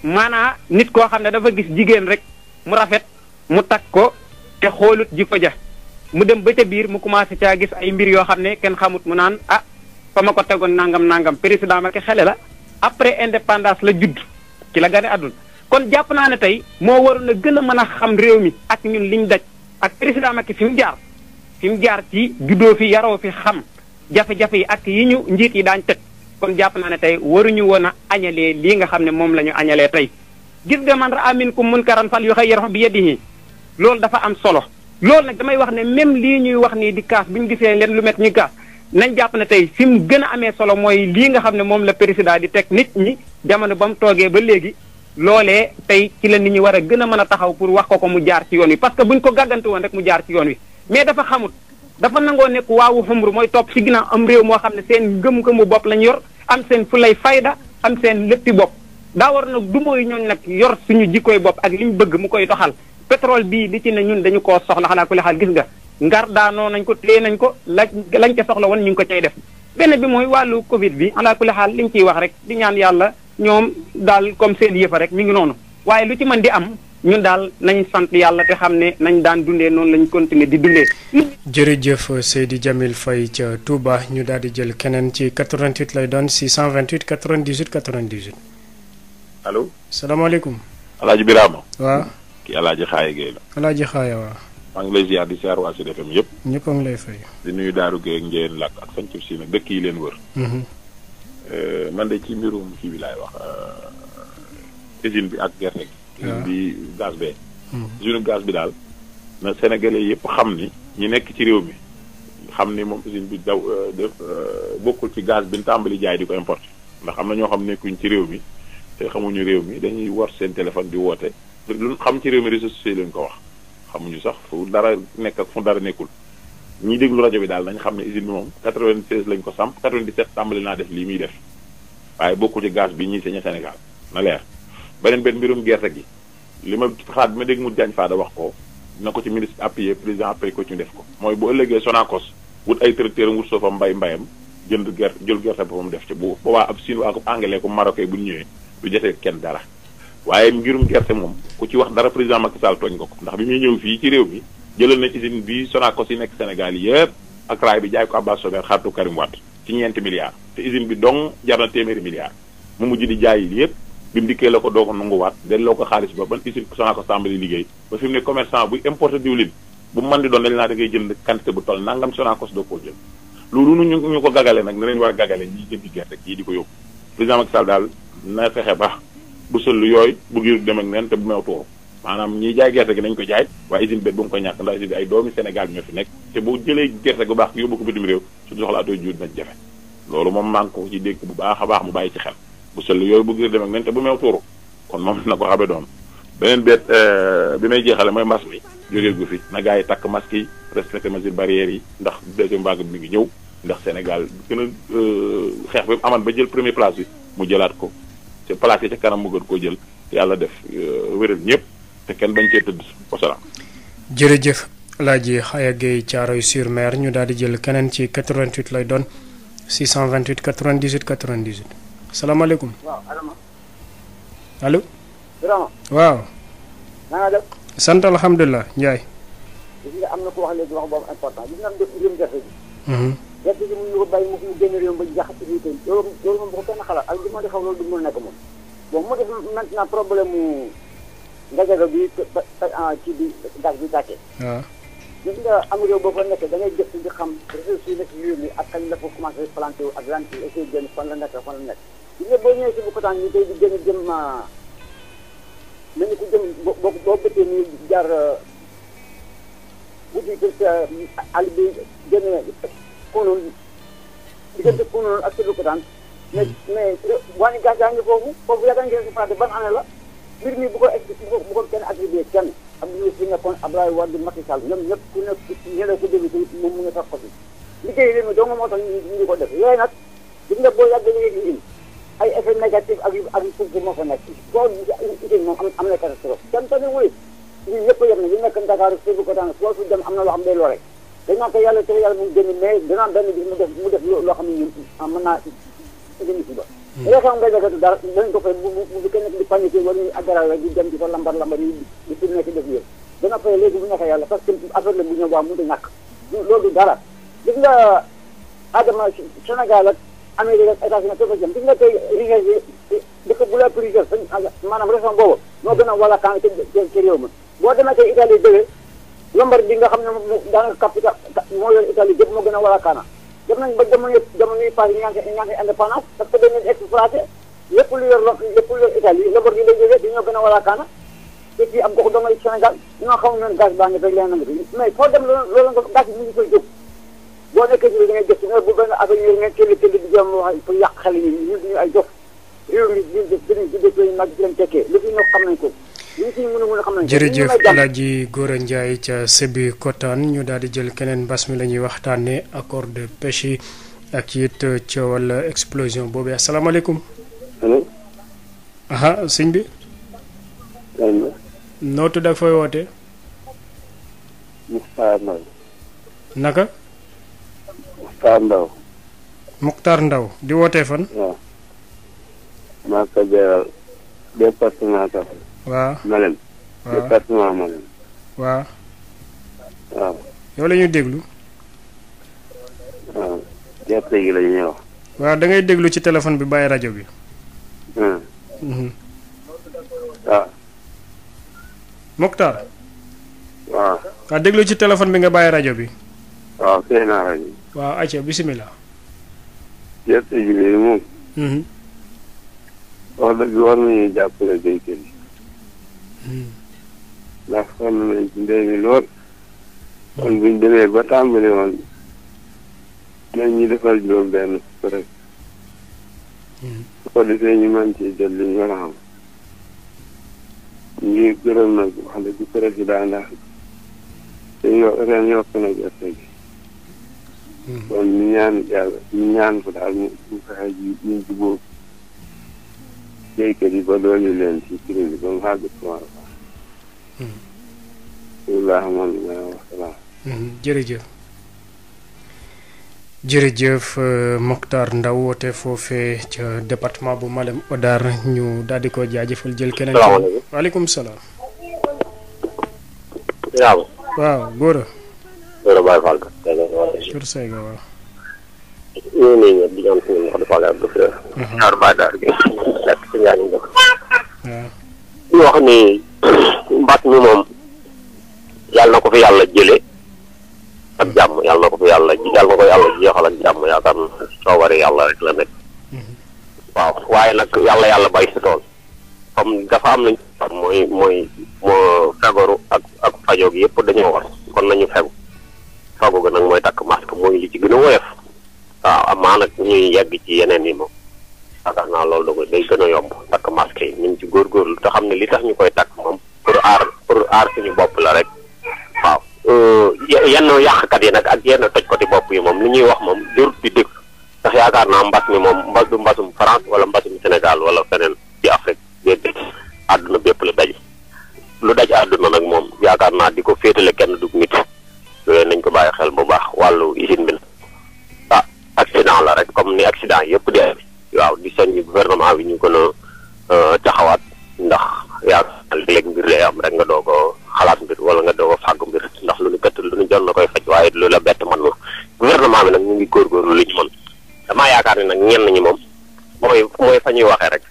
maanaa nit koo xam ne dafa gis jigéen rek mu rafet mu takk ko te xoolut ji ko ja mu dem ba ca biir mu commencé caa gis ay mbir yoo xam ne kenn xamut mu naan ah fa ma ko tegoon nangam nangam président Macky xale la après indépendance la judd ci la gane àdduna kon jàpp naa ne tey moo waroon a gën a mën a xam réew mi ak ñun liñ daj ak président Macky fi mu jaar fi mu jaar ci juddoo fi yaroo fi xam jafe-jafe yi ak yi ñu njiit yi daan tëj kon jàpp naa ne tey waruñu woon a añalee lii nga xam ne moom la ñu añalee tey gis nga man ra'a minkum munkaran falyughayyirhu bi yadihi loolu dafa am solo loolu nag damay wax ne même lii ñuy wax nii di kaas bu ñu gisee leen lu met ñuy kaas nañ jàpp ne tey fi mu gën a amee solo mooy lii nga xam ne moom la président di teg nit ñi jamono ba mu toogee ba léegi loolee tey ci la nit ñi a a mën a taxaw ko mu jaar ci yoon wi parce que buñ ko gàggante woon rek mu jaar ci yoon wi mais dafa xamut dafa nangoo nekk waawu xumru mooy topp si ginnaaw am réew moo xam ne seen ngëm-ngëmu bopp lañ yor am seen fu lay fayda am seen léppi bopp daa war na du mooy ñooñ nag yor suñu jikkooy bopp ak li ñu bëgg mu koy doxal pétrole bi li ci ne ñun dañu koo soxla xanaa ku xaal gis nga ngar daanoo nañ ko téye nañ ko lañ lañ ca soxla woon ñu ngi ko cay def benn bi mooy wàllu covid bi xanaa ku xaal li ñu ciy wax rek di ñaan yàlla ñoom daal comme seen yëfa rek mi ngi noonu waaye lu ci mën di am ñun daal nañ sant yàlla te xam ne nañ daan dundee noonu lañ continuer di dundee. jërëjëf Seydi Djamil Faye ca Touba ñu daal di jël keneen ci 88 lay doon 628 98 98. allo. salaamaaleykum. El Hadj Birama. waaw. kii El Hadj Xaaye Gueye la. El Hadj Xaaye waaw. maa ngi lay ziar di ziar waa Sud FM yëpp. ñëpp a ngi lay fay. di nuyu Daaru Gueye ak Làkk ak Sancib si nag dëkk yi leen wër. Mm-hmm. Euh, man de ci mbirum kii bi laay wax euh, usine bi ak gerte gi. bi gaz bee mm-hmm. usine gaz bi daal na sénégalais yëpp xam ni ñi nekk ci réew mi xam ni moom usine bi daw euh, euh, bokkul ci gaz bi ñu tàmbali jaay di ko importé ndax am na ñoo xam nekkuñ ci réew mi te xamuñu réew mi dañuy war seen téléphone di woote lu xam ci réew mi réseaux sociaux leen ko wax xamuñu sax fu dara nekk ak fu dara nekkul ñi déglu rajo bi daal nañ xam ne usine bi moom 96 lañ ko samp 97 tàmbali naa def lii muy def waaye bokkul ci gaz bi ñuy sañ Sénégal beneen benn mbirum gerte gi li ma xalaat bi ma dégg mu jaañ faa da wax ko na ko ci ministre appuyé président appuyé ko ci def ko. mooy bu ëllëgee Sonacos wut ay tracteur wut soo fa mbay mbayam jënd gerte jël gerte boppam def ci bu boobaa ab Chinois ak anglais ko marocain bu ñu ñëwee du jotee kenn dara waaye mbirum gerte moom ku ci wax dara président Macky Sall tooñ ko ko ndax bi muy ñëw fii ci réew mi jëlal na usine bi Sonacos yi nekk Sénégal yëpp ak raay bi jaay ko Abbas Sobel xaritu Karim Wade ci ñeenti milliards te usine bi dong jar na téeméeri milliards mujj di jaay yëpp bi mu la ko doo ko nanguwaat delloo ko xaalis ba ban usine Sonacos tàmbali liggéey ba fi mu ne commerçant buy importer diwlin bu mu di doon dañ laa da ngay jënd quantité bu toll nangam Sonacos doo koo jël loolu ñu ñu ko gagale nag dinañ war a gagale ñi jëndi gerte kii di ko yóbbu président Macky Sall daal na fexe ba bu sëllu yooyu bu giir dem ak neen te bu meew tuuru maanaam ñiy jaay gerte gi nañ ko jaay waaye usine bi bu mu ko ñàkk ndax usine bi ay doomi Sénégal ñoo fi nekk te boo jëlee gerte gu baax yóbbu ko bitim réew su soxlaatoo jiw dinañ jafe loolu moom maa ngi ko dégg bu baax a baax mu bàyyi ci xel bu sell yooyu bu giir dem ak nen te bu meew tuuru kon moom na ko xabe doom beneen bi euh, may jeexale mooy mbas mi jógee gu fi na gars yi takk masque yi respecté mesures barrières yi ndax deuxième vague bi mi ngi ñëw ndax Sénégal gën a euh, xeex bi aman ba jël premier place bi mu jëlaat ko te yi kanam mu gën koo jël yàlla def euh, wéral ñëpp te kenn bañ cee tëdd wasalaam jërëjëf Alaaji Xaya Gueye Thiaroye sur Mer ñu daal di jël keneen ci 88 lay doon 628 98 98 salaamaaleykum. waaw Adama. allo. Birama. waaw. na nga def. nga am na ku wax léegi wax boobu important gis nga am dëkk mbirum gerte gi. Mhm. gerte gi mënuñu ko bàyyi mu mu génn réew bi tey loolu moom bu ko kenn xalaat ak li ma di xaw loolu du mën nekk moom. bon mu def maintenant problème mu ndajaga bi ah, ci bi gaz bi tàkkee. waaw. gis nga am réew boo ko nekkee da ngay di xam ressources yi nekk ci réew ak kañ la ko commencé planté wu ak lan ci essayé génn fan la nekk fan la nekk. gis nga boo ñëwee si Bokotane ñu tey di gën a jëm ah, nañu ko jëm boo boo bëttee nii jaar guddi ah, kër sa ah, àll bi génn Kounoul diggante Kounoul ak si Bokotane mais mais wàññi gas yaa ngi foofu foofu yaakaar ngeen si fàtte ban année la mbir mi bu ko expliqué bu ko kenn attribué kenn Abdou Diouf fi nekkoon Abdoulaye Wade Macky Sall ñoom ñëpp ku nekk ñeneen ko déglu si moom mu nga tax ko si liggéey réew mi dong moo tax ñu di ko def yooyu nag gis nga boo yàggee liggéey ay effet négatif ak yu ak yu positif moo fa nekk soo utile moom am am na catastrophe dem tamit wuy ñu ñëpp dem am na loo xam day lore dañ naan ko yàlla te ne ah, a hmm. loolu dara gis nga Adama Sénégal Amérique ak États-Unis foofu la jëm gis nga tey richesse bi dëkk bu la plus maanaam région boobu moo gën a wala kan ci ci moo gën a wala kaana ba jamono jamono yi passé ñaa ngi ñaa di ñoo gën a wala kaana te fii am gox dongay Sénégal ñoo xam ne gaz baa ngi fay leneen mais foo dem loolu loolu nga gaz bi mu ngi koy jóg boo nekkee ji biir da ngay gëstu mais ñu daal di jël keneen mbas mi lañuy ñuy waxtaanee de pêche yi ak it coowal explosion boobu asalaamaaleykum. allo. aha bi. nootu dafay woote. naka. Muxtaar Ndaw Muxtaar Ndaw di wootee fan waaw maa waaw waaw yow la déglu waaw gerte gi la ñuy waaw da déglu ci téléphone bi bàyyi rajo bi waaw hmm. mhm. ah. Muxtaar waaw waaw ah, déglu ci téléphone bi nga bàyyi rajo bi waaw fee rajo bi waaw ayca bisimilah. gerte gi léegi moom. Mhm. wax dëgg war nañu jàppale béykat yi. Mhm. ndax xam nañ ci mbéy mi lool. kon buñ demee ba tàmbali woon nañ ñu defal juróom benn ko rek. Mhm. su ko defee ñu mën ci jël liñ war a xam. nag wax dëgg président na gerte kon ñu ñaan yàlla ko daal ñu ñu fexe ji ñu jubóo béykat yi leen ci kuréel ba mu xàgg sama baax. alhamdulilah wa salaam. jërëjëf. jërëjëf euh, Mokhtar Ndaw woote foofee ca département bu Malem Odar ñu daal di ko jaajëfal jël keneen. salaamaaleykum waaleykum waaw góor a. Kër mhm. di wax ni mbas mi moom yàlla na ko fi yàlla jëlee ak jàmm yàlla na ko fi yàlla ji yàlla ak jàmm yaakaar naa coobare yàlla rek la nekk. Mhm. waaw waaye nag yàlla yàlla bay si tool comme dafa am nañ mooy mooy moo ak ak fajoo dañoo war kon nañu fegu. fago ga nag mooy takk masque mooy li ci gën a woyof waaw amaa nag ñuy yàgg ci yeneen yi moom yaakaar naa loolu da koy day gën a yomb takk masque yi ñu ci góorgóorlu te xam ne li tax ñu koy takk moom pour aar pour aar suñu bopp la rek waaw euh, yenn yàqkat yi nag ak yenn ko tojkati bopp yi moom li ñuy wax moom jërut bi dégg ndax yaakaar naa mbas mi moom mbas du mbasum France wala mbasum Sénégal wala feneen ci Afrique déedéet àdduna bépp la daj lu daj àdduna nag moom naa ko ñenn ñi moom mooy mooy fa ñuy waxee rek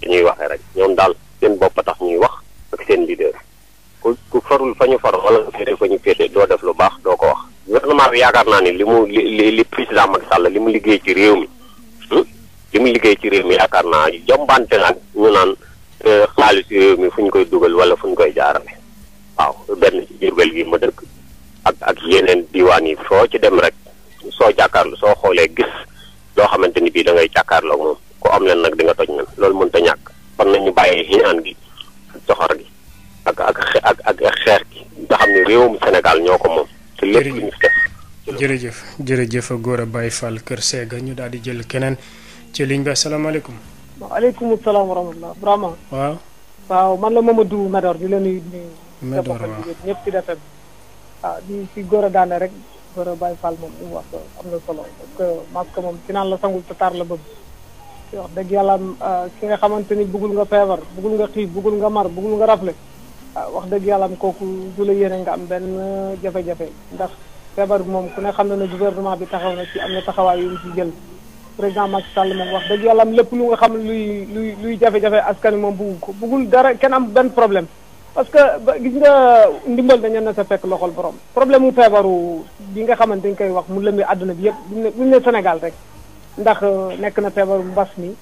fi ñuy waxee rek ñoom daal seen bopp tax ñuy wax ak seen leader ku ku farul fa ñu far wala nga féete fa ñu féete doo def lu baax doo ko wax. gouvernement bi yaakaar naa ni li mu li li président Macky Sall li mu liggéey ci réew mi hmm, li mu liggéey ci réew mi yaakaar naa jombante nag jërëjëf Gora Baye Fall Kër Sega ñu daal di jël keneen ci ligne bi asalaamaaleykum. waaleykum salaam wa rahmatulah. vraiment. waaw. waaw man la Mamadou Medor di la nuyu. Medor waaw ñëpp ci defee waaw ah, di si Gora daane rek Gora Baye Fall moom li mu wax am na solo parce moom ci naan la sangul te la bëgg. wax dëgg yàlla ah, ki nga xamante ni bëggul nga feebar bëggul nga xiif bëggul nga mar bëggul nga rafle ah, wax dëgg yàlla am kooku du la nga am benn jafe ndax. feebar bi moom ku ne xam na ne gouvernement bi taxaw na ci am na taxawaay yu mu ci jël président mag Sall moom wax dëgg yàlla am lépp lu nga xam luy luy luy jafe-jafe askan wi moom bëggu ko bëggul dara kenn am benn problème. parce que ba gis nga ndimbal dañu na sa fekk loxol borom problème mu feebaru bi nga xamante dañ koy wax mu lëmbi àdduna bi yëpp buñ ne Sénégal rek ndax euh, nekk na feebaru mbas mi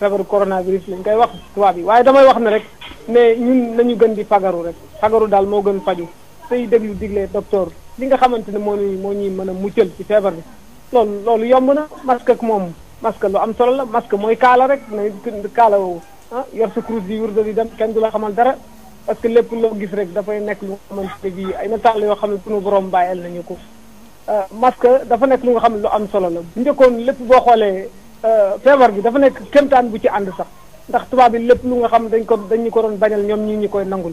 feebaru coronavirus lañ koy wax tubaab yi waaye damay wax ne rek ne ñun nañu gën di fagaru rek fagaru daal moo gën faju tey déglu digle docteur li nga xamante ne moo ñuy moo ñuy man a muccal ci feebar bi loolu loolu yomb na masque ak moom masque lu am solo la masque mooy kaala rek na kaala woowu ah yor sa kurus yi wurda di dem kenn du la xamal dara parce que lépp loo gis rek dafay nekk lu nga xamante ne bii ay nataal yoo xam ne sunu borom bàyyil nañu ko euh, masque dafa nekk lu nga xam ne lu am solo la bu njëkkoon lépp boo xoolee euh, feebar bi dafa nekk kémtaan bu ci ànd sax ndax tubaab bi lépp lu nga xam dañ ko dañu ko doon bañal ñoom ñii ñi koy nangul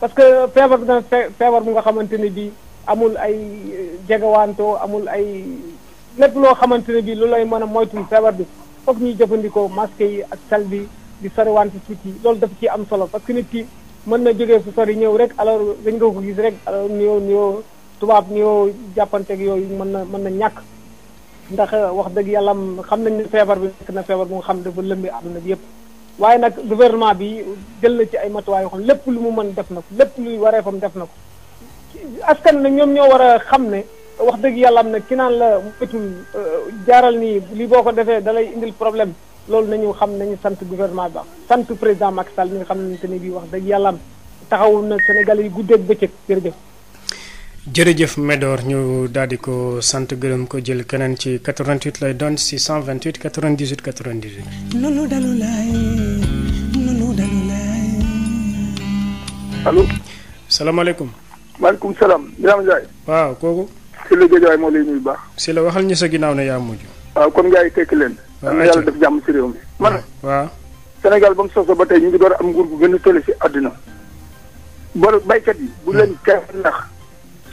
parce que feebar bi dafa feebar nga xamante ne bii amul ay eh, jegewaantoo amul ay lépp loo xamante ne bi loolu ay mën a moytu feebar bi foog ñuy jëfandikoo masque yi ak sel bi di soriwante suuf yi loolu dafa ci am solo parce que nit ki mën na jógee fu sori ñëw rek alors dañ nga ko gis rek alors nuyoo nuyoo tubaab nuyoo jàppanteeg yooyu mën na mën na ñàkk ndax eh, wax dëgg yàlla xam nañ ne feebar bi nekk na feebar bu nga xam dafa lëmbi àdduna bi yëpp waaye nag gouvernement bi jël na ci ay matuwaay yoo lépp lu mu mën def na ko lépp luy wareefam def na ko askan nag ñoom ñoo war a xam ne wax dëgg yàlla am na ki naan la métul euh, jaaral nii li boo ko defee dalay indil problème loolu nañu xam nañu sant gouvernement ba sant président Macky Sall mi nga te ne bii wax dëgg yàlla am taxawu na Sénégal yi guddeeg bëccëg jërëjëf. jërëjëf Medor ñu daal di ko sant gërëm ko jël keneen ci 88 lay doon 628 98 98. noonu dalu laay noonu dalu laay. allo. salaamaaleykum. maaleykum salaam. Birame Ndiaye. waaw kooku. si Sylla Guédiawaye moo lay nuyu bu baax. Sylla waxal ñu sa ginnaaw ne yaa mujj. waaw kon gars yi leen. waaw na yàlla def jàmm si réew mi. man waaw Sénégal ba mu sosoo ba tey ñu ngi door am nguur gu gën a tële si àddina. bor baykat yi. bu leen hmm. kenn ndax.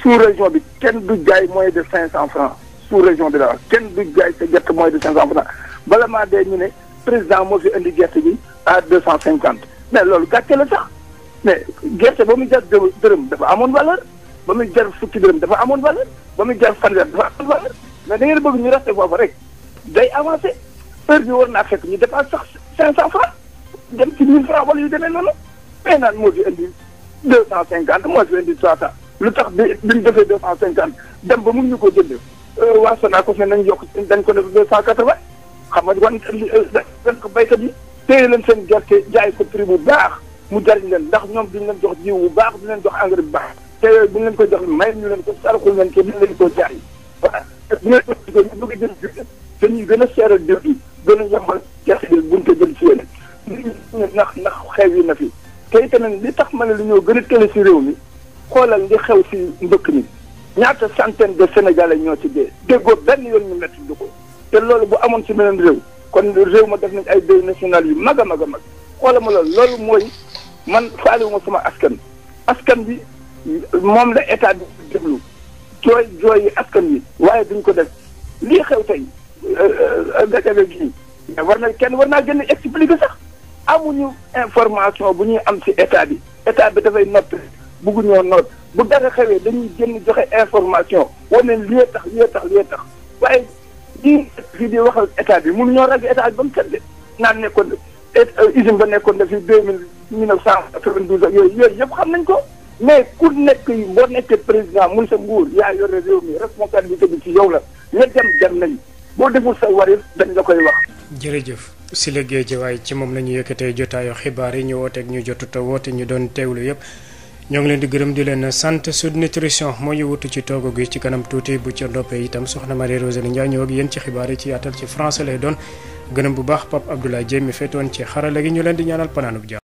sous région bi kenn du jaay mooy de cinq cent francs sous région bi daal kenn du jaay sa gerte moins de cinq cent francs bala maa dee ñu ne président moo fi indi gerte bi à deux cent cinquante mais loolu gàcce la sax. mais gerte ba muy jar dërëm dafa amoon valeur ba muy jar fukki dërëm dafa amoon valeur ba muy jar fanweer dafa amoon valeur mais da ngeen bëgg ñu resté foofu rek day avancé heure bi war naa fekk ñu dépasse sax 500 francs dem ci 1000 francs wala yu demee noonu mais naan moo fi indi 250 moo di indi 300 lu tax bi bi ñu defee 250 dem ba mënuñu ko jënd euh, waa Sonacos ne nañ yokk dañ ko def 280 xam nga wan euh, dañ ko béykat yi téye leen seen gerte jaay ko prix bu baax. mu jariñ leen ndax ñoom duñ leen jox jiw bu baax duñ leen jox engrais bu baax te yooyu buñ leen ko jox may ñu leen ko saraxul leen ko duñ leen koo jaay voilà bu ñu ko ñu bëgg jël jiw te ñuy gën a seeral diw bi gën a yombal gerte gi buñ ko jël si yéen nit ñi ndax ndax xew yi na fi te itamit li tax ma ne li ñoo gën a tële si réew mi xoolal li xew si mbëkk mi ñaata centaine de sénégalais ñoo ci dee déggoo benn yoon ñu metti du ko te loolu bu amoon si beneen réew kon réew ma def nañ ay deuil national yu mag a mag a mag xoola ma loolu loolu mooy man faalewuma suma askan askan bi moom la état bi déglu jooy jooyi askan bi waaye duñ ko def lii xew tey euh, euh, war na kenn war naa gën a sax amuñu information bu ñuy am si état bi état bi dafay noppi bugguñoo noot bu dara xewee dañuy génn joxe information wane lii tax lii tax lii tax waaye lii fii di waxal état bi mënuñoo rag état bi ba mu sedd naan nekkoon Euh, usine ba nekkoon na fi deux mille yooyu yëpp xam nañ ko mais ku nekk boo nekkee président mun sa nguur yaa yore réew mi responsabilité bi ci yow la ña dem dem nañ boo deful say warif dañ la koy wax. jërëjëf si Sylla Guédiawaye ci moom la yekkatee yëkkatee jotaayu xibaar yi ñu wooteeg ñu jotuta woote ñu doon teewlu yëpp ñoo ngi leen di gërëm di leen sant Sud Nutrition moo ñu wutu ci toogu gi ci kanam tuuti bu ca ndoppee itam soxna Marie Rose Ndiaye ñëw ak yéen ci xibaar yi ci yaatal ci français lay doon. gërëm bu baax Pape Abdoulaye Dieye mi féetoon ci xarala gi ñu leen di ñaanal panaanub jàmm